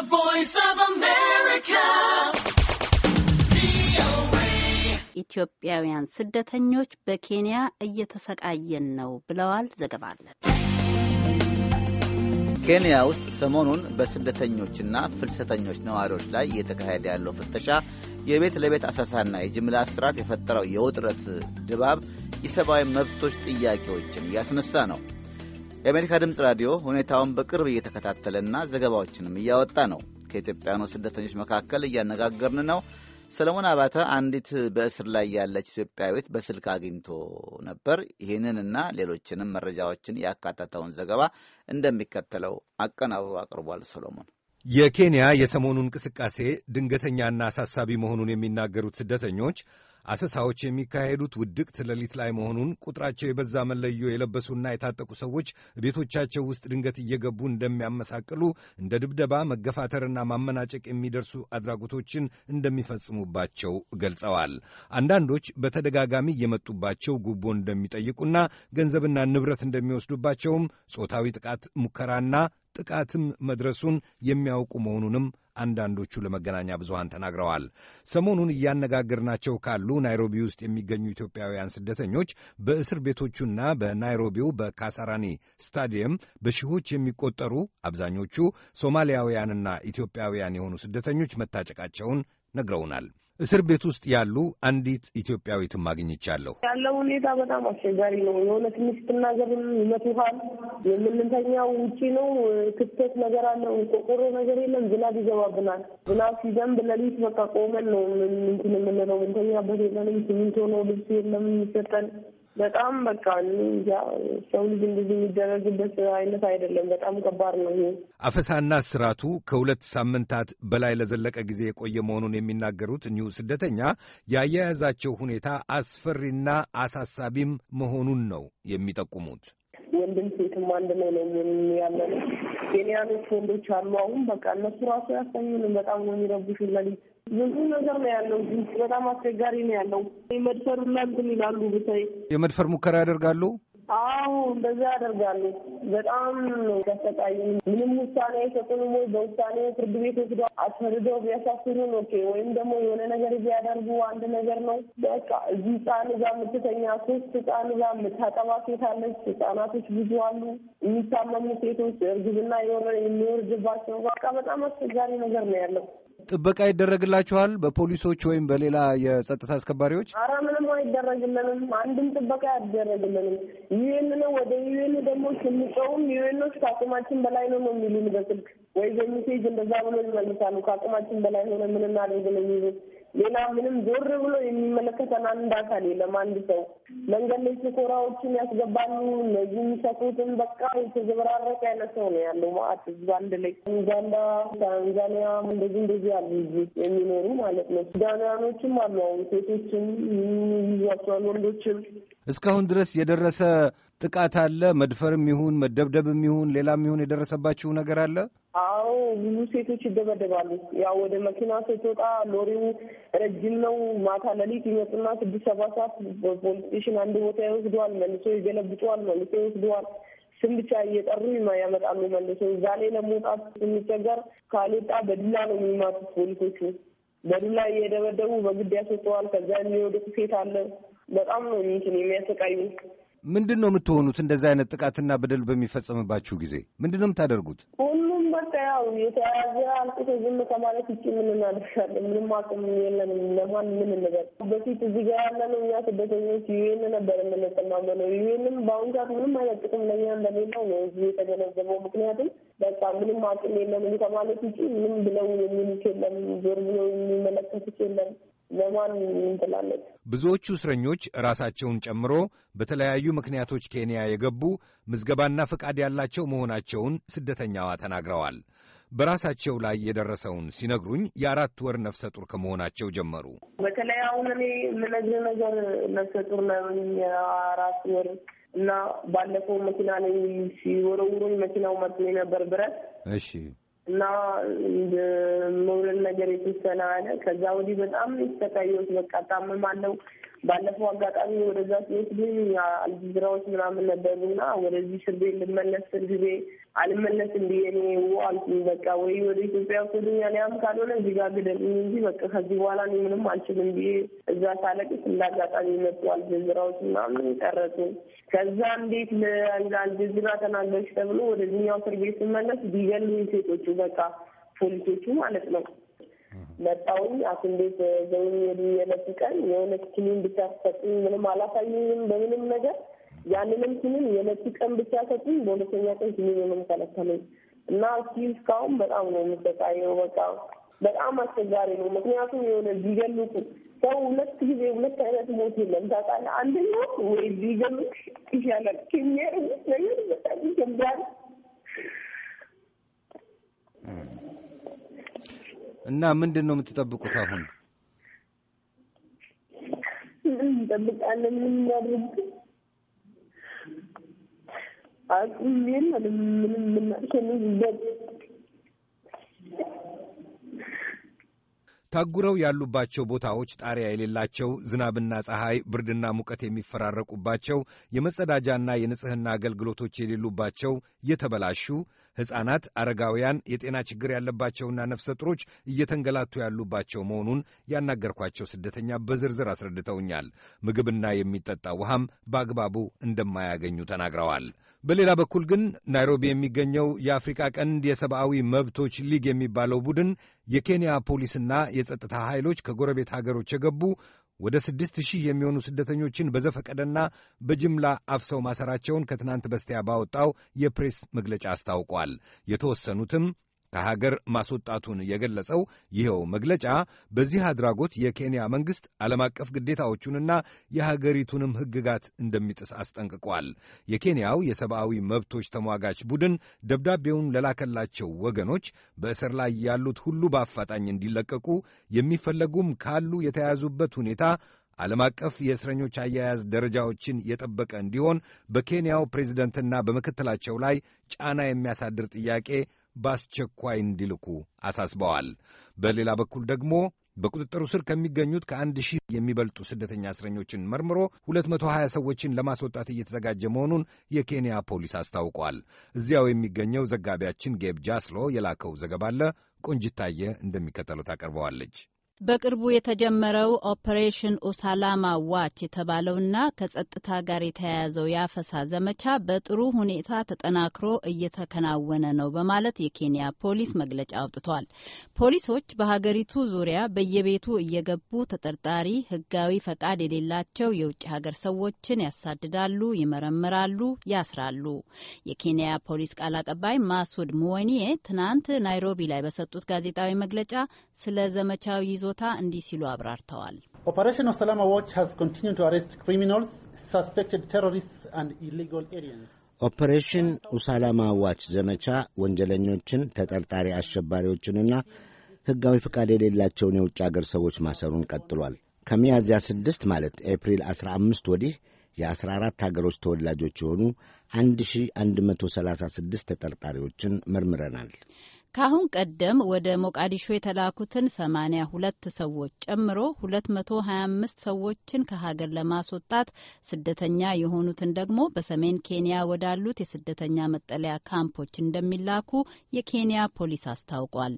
The Voice of America. ኢትዮጵያውያን ስደተኞች በኬንያ እየተሰቃየን ነው ብለዋል። ዘገባ ኬንያ ውስጥ ሰሞኑን በስደተኞችና ፍልሰተኞች ነዋሪዎች ላይ እየተካሄደ ያለው ፍተሻ፣ የቤት ለቤት አሳሳና የጅምላ እስራት የፈጠረው የውጥረት ድባብ የሰብአዊ መብቶች ጥያቄዎችን እያስነሳ ነው። የአሜሪካ ድምፅ ራዲዮ ሁኔታውን በቅርብ እየተከታተለና ዘገባዎችንም እያወጣ ነው። ከኢትዮጵያኑ ስደተኞች መካከል እያነጋገርን ነው። ሰለሞን አባተ አንዲት በእስር ላይ ያለች ኢትዮጵያዊት በስልክ አግኝቶ ነበር። ይህንንና ሌሎችንም መረጃዎችን ያካተተውን ዘገባ እንደሚከተለው አቀናብሮ አቅርቧል። ሰሎሞን የኬንያ የሰሞኑ እንቅስቃሴ ድንገተኛና አሳሳቢ መሆኑን የሚናገሩት ስደተኞች አሰሳዎች የሚካሄዱት ውድቅት ሌሊት ላይ መሆኑን ቁጥራቸው የበዛ መለዮ የለበሱና የታጠቁ ሰዎች ቤቶቻቸው ውስጥ ድንገት እየገቡ እንደሚያመሳቅሉ፣ እንደ ድብደባ፣ መገፋተርና ማመናጨቅ የሚደርሱ አድራጎቶችን እንደሚፈጽሙባቸው ገልጸዋል። አንዳንዶች በተደጋጋሚ እየመጡባቸው ጉቦ እንደሚጠይቁና ገንዘብና ንብረት እንደሚወስዱባቸውም ጾታዊ ጥቃት ሙከራና ጥቃትም መድረሱን የሚያውቁ መሆኑንም አንዳንዶቹ ለመገናኛ ብዙሃን ተናግረዋል። ሰሞኑን እያነጋገርናቸው ካሉ ናይሮቢ ውስጥ የሚገኙ ኢትዮጵያውያን ስደተኞች በእስር ቤቶቹና በናይሮቢው በካሳራኒ ስታዲየም በሺዎች የሚቆጠሩ አብዛኞቹ ሶማሊያውያንና ኢትዮጵያውያን የሆኑ ስደተኞች መታጨቃቸውን ነግረውናል። እስር ቤት ውስጥ ያሉ አንዲት ኢትዮጵያዊትም አግኝቻለሁ። ያለው ሁኔታ በጣም አስቸጋሪ ነው። የሆነ ትንሽ ስትናገርም ይመቱሃል። የምንተኛው ውጪ ነው። ክፍተት ነገር አለ። ቆቆሮ ነገር የለም። ዝናብ ይገባብናል። ዝናብ ሲዘንብ ለሊት በቃ ቆመን ነው እንትን የምንለው። ምንተኛበት የለንም። ሲሚንቶ ነው። ልብስ የለም የሚሰጠን በጣም በቃ ሰው ልጅ እንደዚህ የሚደረግበት አይነት አይደለም። በጣም ከባድ ነው አፈሳና ስራቱ ከሁለት ሳምንታት በላይ ለዘለቀ ጊዜ የቆየ መሆኑን የሚናገሩት እኒሁ ስደተኛ ያያያዛቸው ሁኔታ አስፈሪና አሳሳቢም መሆኑን ነው የሚጠቁሙት። ወንድም ሴትም አንድ ነው ነው ያለ ነው። ኬንያኖች ወንዶች አሉ። አሁን በቃ እነሱ ራሱ ያሰኙንም በጣም ነው የሚረብሹ ለሊት ብዙ ነገር ነው ያለው። በጣም አስቸጋሪ ነው ያለው። የመድፈር ሁላ እንትን ይላሉ። ብታይ የመድፈር ሙከራ ያደርጋሉ። አዎ እንደዛ ያደርጋሉ። በጣም ነው ተሰቃይ። ምንም ውሳኔ አይሰጡንም። ወይ በውሳኔ ፍርድ ቤት ወስዶ አስፈርደው ቢያሳስሩን ኦኬ፣ ወይም ደግሞ የሆነ ነገር ቢያደርጉ አንድ ነገር ነው በቃ። እዚህ ህፃን እዛ የምትተኛ ሶስት ህፃን እዛ የምታጠባ ሴት አለች። ህፃናቶች ብዙ አሉ፣ የሚታመሙ ሴቶች፣ እርግዝና የሚወርድባቸው በቃ በጣም አስቸጋሪ ነገር ነው ያለው። ጥበቃ ይደረግላችኋል በፖሊሶች ወይም በሌላ የጸጥታ አስከባሪዎች? ኧረ ምንም አይደረግልንም። አንድም ጥበቃ አይደረግልንም። ዩኤን ነው። ወደ ዩኤን ደግሞ ስንጨውም ዩኤኖች ከአቅማችን በላይ ነው ነው የሚሉን በስልክ ወይ በሚሴጅ እንደዛ ብሎ ይመልሳሉ። ከአቅማችን በላይ ሆነ ምን እናደርግ ነው የሚሉት ሌላ ምንም ዞር ብሎ የሚመለከተን አንድ አካል የለም። አንድ ሰው መንገድ ላይ ሲኮራዎችን ያስገባሉ። እነዚህ የሚሰኩትን በቃ የተዘበራረቀ አይነት ሰው ነው ያለው። ማለት እዚ አንድ ላይ ኡጋንዳ፣ ታንዛኒያ እንደዚህ እንደዚህ ያሉ የሚኖሩ ማለት ነው። ሱዳናውያኖችም አሉ። አሁን ሴቶችም ይዟቸዋል፣ ወንዶችም እስካሁን ድረስ የደረሰ ጥቃት አለ። መድፈርም ይሁን መደብደብም ይሁን ሌላም ይሁን የደረሰባችሁ ነገር አለ? አዎ ብዙ ሴቶች ይደበደባሉ። ያው ወደ መኪና ስትወጣ ሎሪው ረጅም ነው። ማታ ለሊት ይመጡና ስድስት ሰባት ሰዓት በፖሊስ ስቴሽን አንድ ቦታ ይወስደዋል፣ መልሶ ይገለብጠዋል፣ መልሶ ይወስደዋል። ስም ብቻ እየጠሩ ያመጣሉ መልሶ። እዛ ላይ ለመውጣት የሚቸገር ካልወጣ በዱላ ነው የሚማቱት ፖሊሶቹ። በዱላ እየደበደቡ በግድ ያስወጠዋል። ከዛ የሚወደቁ ሴት አለ። በጣም ነው እንትን የሚያሰቃዩ። ምንድን ነው የምትሆኑት? እንደዚህ አይነት ጥቃትና በደል በሚፈጸምባችሁ ጊዜ ምንድን ነው የምታደርጉት? ኦ ያው የተያዘ አምጥቶ ዝም ከማለት ውጭ ምን እናደርጋለን? ምንም አቅም የለንም። ለማን ምን ነገር በፊት እዚህ ጋር ያለነው እኛ ስደተኞች ዩኤን ነበር የምንጠማመነው። ዩኤንም በአሁኑ ሰዓት ምንም አይነት ጥቅም ለኛ እንደሌለው ነው እዚ የተገነዘበው። ምክንያቱም በቃ ምንም አቅም የለንም ከማለት ውጭ ምንም ብለው የሚሉት የለም። ዞር ብለው የሚመለከቱት የለም። ለማን እንትላለች። ብዙዎቹ እስረኞች ራሳቸውን ጨምሮ በተለያዩ ምክንያቶች ኬንያ የገቡ ምዝገባና ፈቃድ ያላቸው መሆናቸውን ስደተኛዋ ተናግረዋል። በራሳቸው ላይ የደረሰውን ሲነግሩኝ የአራት ወር ነፍሰ ጡር ከመሆናቸው ጀመሩ። በተለይ አሁን እኔ የምነግርህ ነገር ነፍሰ ጡር ነኝ የአራት ወር እና ባለፈው መኪና ላይ ሲወረውሩኝ መኪናው መጥሎ ነበር ብረት እሺ እና መውለድ ነገር የተወሰነ አለ። ከዛ ወዲህ በጣም ተሰቃየሁት። በቃ ታምማለሁ፣ ባለፈው አጋጣሚ ወደዛ ሲወስዱኝ አልጅዝራዎች ምናምን ነበሩ እና ወደዚህ ስርቤ ልመለስ ስል ጊዜ አልመለስም ብዬ እኔ አልኩኝ። በቃ ወይ ወደ ኢትዮጵያ ውሰዱኝ ሊያም ካልሆነ እዚህ ጋር ግደሉኝ እንጂ በቃ ከዚህ በኋላ እኔ ምንም አልችልም ብዬ እዛ ሳለቅስ እንደ አጋጣሚ መጡ አልጅዝራዎች ምናምን ቀረጡ። ከዛ እንዴት ለአልጅዝራ ተናገርሽ ተብሎ ወደዚህኛው እስር ቤት ስመለስ ቢገሉኝ ሴቶቹ በቃ ፖሊሶቹ ማለት ነው መጣውኝ ሐኪም ቤት ዘውኝ የሉ የለት ቀን የሆነ ክኒን ብቻ ሰጡኝ። ምንም አላሳየኝም በምንም ነገር። ያንንም ክኒን የለት ቀን ብቻ ሰጡኝ። በሁለተኛ ቀን ክኒን ነው ከለከሉኝ እና እስኪ እስካሁን በጣም ነው የምሰቃየው። በቃ በጣም አስቸጋሪ ነው። ምክንያቱም የሆነ ቢገሉት ሰው ሁለት ጊዜ ሁለት አይነት ሞት የለም ታውቃለህ። አንደኛው ወይ ቢገሉት ይሻላል ከሚያደርጉት ነገር በጣም ይገምዳል። እና ምንድን ነው የምትጠብቁት አሁን? እንጠብቃለን። ምን እናድርግ? አቅም ምንም ታጉረው ያሉባቸው ቦታዎች ጣሪያ የሌላቸው፣ ዝናብና ፀሐይ፣ ብርድና ሙቀት የሚፈራረቁባቸው፣ የመጸዳጃና የንጽህና አገልግሎቶች የሌሉባቸው፣ የተበላሹ ሕፃናት፣ አረጋውያን፣ የጤና ችግር ያለባቸውና ነፍሰ ጥሮች እየተንገላቱ ያሉባቸው መሆኑን ያናገርኳቸው ስደተኛ በዝርዝር አስረድተውኛል። ምግብና የሚጠጣ ውሃም በአግባቡ እንደማያገኙ ተናግረዋል። በሌላ በኩል ግን ናይሮቢ የሚገኘው የአፍሪካ ቀንድ የሰብአዊ መብቶች ሊግ የሚባለው ቡድን የኬንያ ፖሊስና የጸጥታ ኃይሎች ከጎረቤት ሀገሮች የገቡ ወደ ስድስት ሺህ የሚሆኑ ስደተኞችን በዘፈቀደና በጅምላ አፍሰው ማሰራቸውን ከትናንት በስቲያ ባወጣው የፕሬስ መግለጫ አስታውቋል። የተወሰኑትም ከሀገር ማስወጣቱን የገለጸው ይኸው መግለጫ በዚህ አድራጎት የኬንያ መንግሥት ዓለም አቀፍ ግዴታዎቹንና የሀገሪቱንም ሕግጋት እንደሚጥስ አስጠንቅቋል። የኬንያው የሰብአዊ መብቶች ተሟጋች ቡድን ደብዳቤውን ለላከላቸው ወገኖች በእስር ላይ ያሉት ሁሉ በአፋጣኝ እንዲለቀቁ፣ የሚፈለጉም ካሉ የተያዙበት ሁኔታ ዓለም አቀፍ የእስረኞች አያያዝ ደረጃዎችን የጠበቀ እንዲሆን በኬንያው ፕሬዝደንትና በምክትላቸው ላይ ጫና የሚያሳድር ጥያቄ በአስቸኳይ እንዲልኩ አሳስበዋል። በሌላ በኩል ደግሞ በቁጥጥሩ ስር ከሚገኙት ከአንድ ሺህ የሚበልጡ ስደተኛ እስረኞችን መርምሮ 220 ሰዎችን ለማስወጣት እየተዘጋጀ መሆኑን የኬንያ ፖሊስ አስታውቋል። እዚያው የሚገኘው ዘጋቢያችን ጌብ ጃስሎ የላከው ዘገባ አለ። ቆንጅታየ እንደሚከተለው ታቀርበዋለች። በቅርቡ የተጀመረው ኦፕሬሽን ኦሳላማ ዋች የተባለውና ከጸጥታ ጋር የተያያዘው የአፈሳ ዘመቻ በጥሩ ሁኔታ ተጠናክሮ እየተከናወነ ነው በማለት የኬንያ ፖሊስ መግለጫ አውጥቷል። ፖሊሶች በሀገሪቱ ዙሪያ በየቤቱ እየገቡ ተጠርጣሪ ሕጋዊ ፈቃድ የሌላቸው የውጭ ሀገር ሰዎችን ያሳድዳሉ፣ ይመረምራሉ፣ ያስራሉ። የኬንያ ፖሊስ ቃል አቀባይ ማሱድ ሙወኒዬ ትናንት ናይሮቢ ላይ በሰጡት ጋዜጣዊ መግለጫ ስለ ዘመቻው ይዞ ይዞታ እንዲህ ሲሉ አብራርተዋል። ኦፐሬሽን ሰላማ ዋች ሃዝ ኮንቲኒው ቱ አሬስት ክሪሚናልስ ሰስፔክትድ አንድ ኢሊጋል ኦፐሬሽን ኡሳላማ ዋች ዘመቻ ወንጀለኞችን፣ ተጠርጣሪ አሸባሪዎችንና ሕጋዊ ፍቃድ የሌላቸውን የውጭ አገር ሰዎች ማሰሩን ቀጥሏል። ከሚያዝያ 6 ማለት ኤፕሪል 15 ወዲህ የ14 አገሮች ተወላጆች የሆኑ 1136 ተጠርጣሪዎችን መርምረናል። ከአሁን ቀደም ወደ ሞቃዲሾ የተላኩትን 82 ሰዎች ጨምሮ 225 ሰዎችን ከሀገር ለማስወጣት ስደተኛ የሆኑትን ደግሞ በሰሜን ኬንያ ወዳሉት የስደተኛ መጠለያ ካምፖች እንደሚላኩ የኬንያ ፖሊስ አስታውቋል።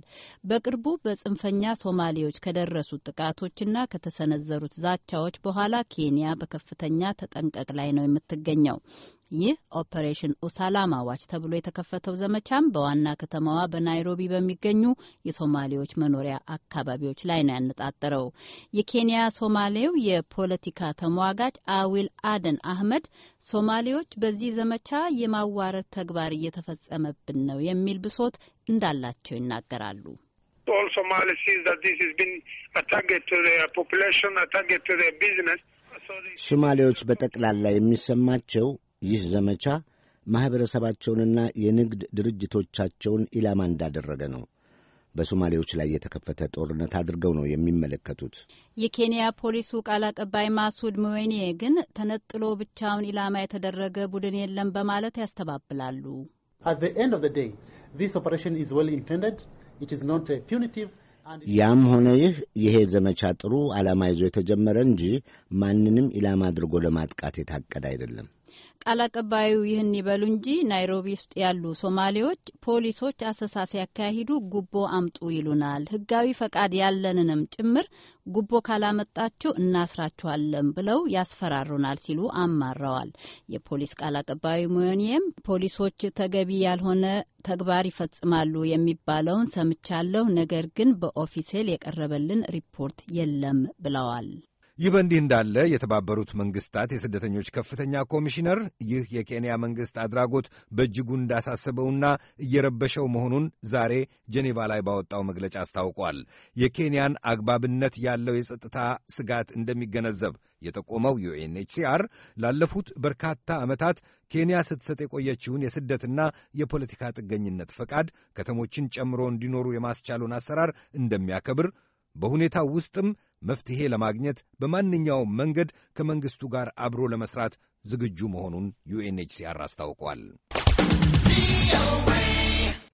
በቅርቡ በጽንፈኛ ሶማሌዎች ከደረሱት ጥቃቶችና ከተሰነዘሩት ዛቻዎች በኋላ ኬንያ በከፍተኛ ተጠንቀቅ ላይ ነው የምትገኘው። ይህ ኦፐሬሽን ኡሳላማ ዋች ተብሎ የተከፈተው ዘመቻም በዋና ከተማዋ በናይሮቢ በሚገኙ የሶማሌዎች መኖሪያ አካባቢዎች ላይ ነው ያነጣጠረው። የኬንያ ሶማሌው የፖለቲካ ተሟጋጅ አዊል አደን አህመድ ሶማሌዎች በዚህ ዘመቻ የማዋረድ ተግባር እየተፈጸመብን ነው የሚል ብሶት እንዳላቸው ይናገራሉ። ሶማሌዎች በጠቅላላ የሚሰማቸው ይህ ዘመቻ ማኅበረሰባቸውንና የንግድ ድርጅቶቻቸውን ኢላማ እንዳደረገ ነው በሶማሌዎች ላይ የተከፈተ ጦርነት አድርገው ነው የሚመለከቱት። የኬንያ ፖሊሱ ቃል አቀባይ ማሱድ ሙዌኔ ግን ተነጥሎ ብቻውን ኢላማ የተደረገ ቡድን የለም በማለት ያስተባብላሉ። ያም ሆነ ይህ ይሄ ዘመቻ ጥሩ ዓላማ ይዞ የተጀመረ እንጂ ማንንም ኢላማ አድርጎ ለማጥቃት የታቀደ አይደለም። ቃል አቀባዩ ይህን ይበሉ እንጂ ናይሮቢ ውስጥ ያሉ ሶማሌዎች ፖሊሶች አሰሳ ሲያካሂዱ ጉቦ አምጡ ይሉናል፣ ህጋዊ ፈቃድ ያለንንም ጭምር ጉቦ ካላመጣችሁ እናስራችኋለን ብለው ያስፈራሩናል ሲሉ አማረዋል። የፖሊስ ቃል አቀባዩ ሞዮኒየም ፖሊሶች ተገቢ ያልሆነ ተግባር ይፈጽማሉ የሚባለውን ሰምቻለሁ፣ ነገር ግን በኦፊሴል የቀረበልን ሪፖርት የለም ብለዋል። ይህ በእንዲህ እንዳለ የተባበሩት መንግስታት የስደተኞች ከፍተኛ ኮሚሽነር ይህ የኬንያ መንግስት አድራጎት በእጅጉ እንዳሳሰበውና እየረበሸው መሆኑን ዛሬ ጄኔቫ ላይ ባወጣው መግለጫ አስታውቋል። የኬንያን አግባብነት ያለው የጸጥታ ስጋት እንደሚገነዘብ የጠቆመው ዩኤንኤችሲአር ላለፉት በርካታ ዓመታት ኬንያ ስትሰጥ የቆየችውን የስደትና የፖለቲካ ጥገኝነት ፈቃድ ከተሞችን ጨምሮ እንዲኖሩ የማስቻሉን አሰራር እንደሚያከብር በሁኔታው ውስጥም መፍትሔ ለማግኘት በማንኛውም መንገድ ከመንግሥቱ ጋር አብሮ ለመሥራት ዝግጁ መሆኑን ዩኤንኤችሲአር አስታውቋል።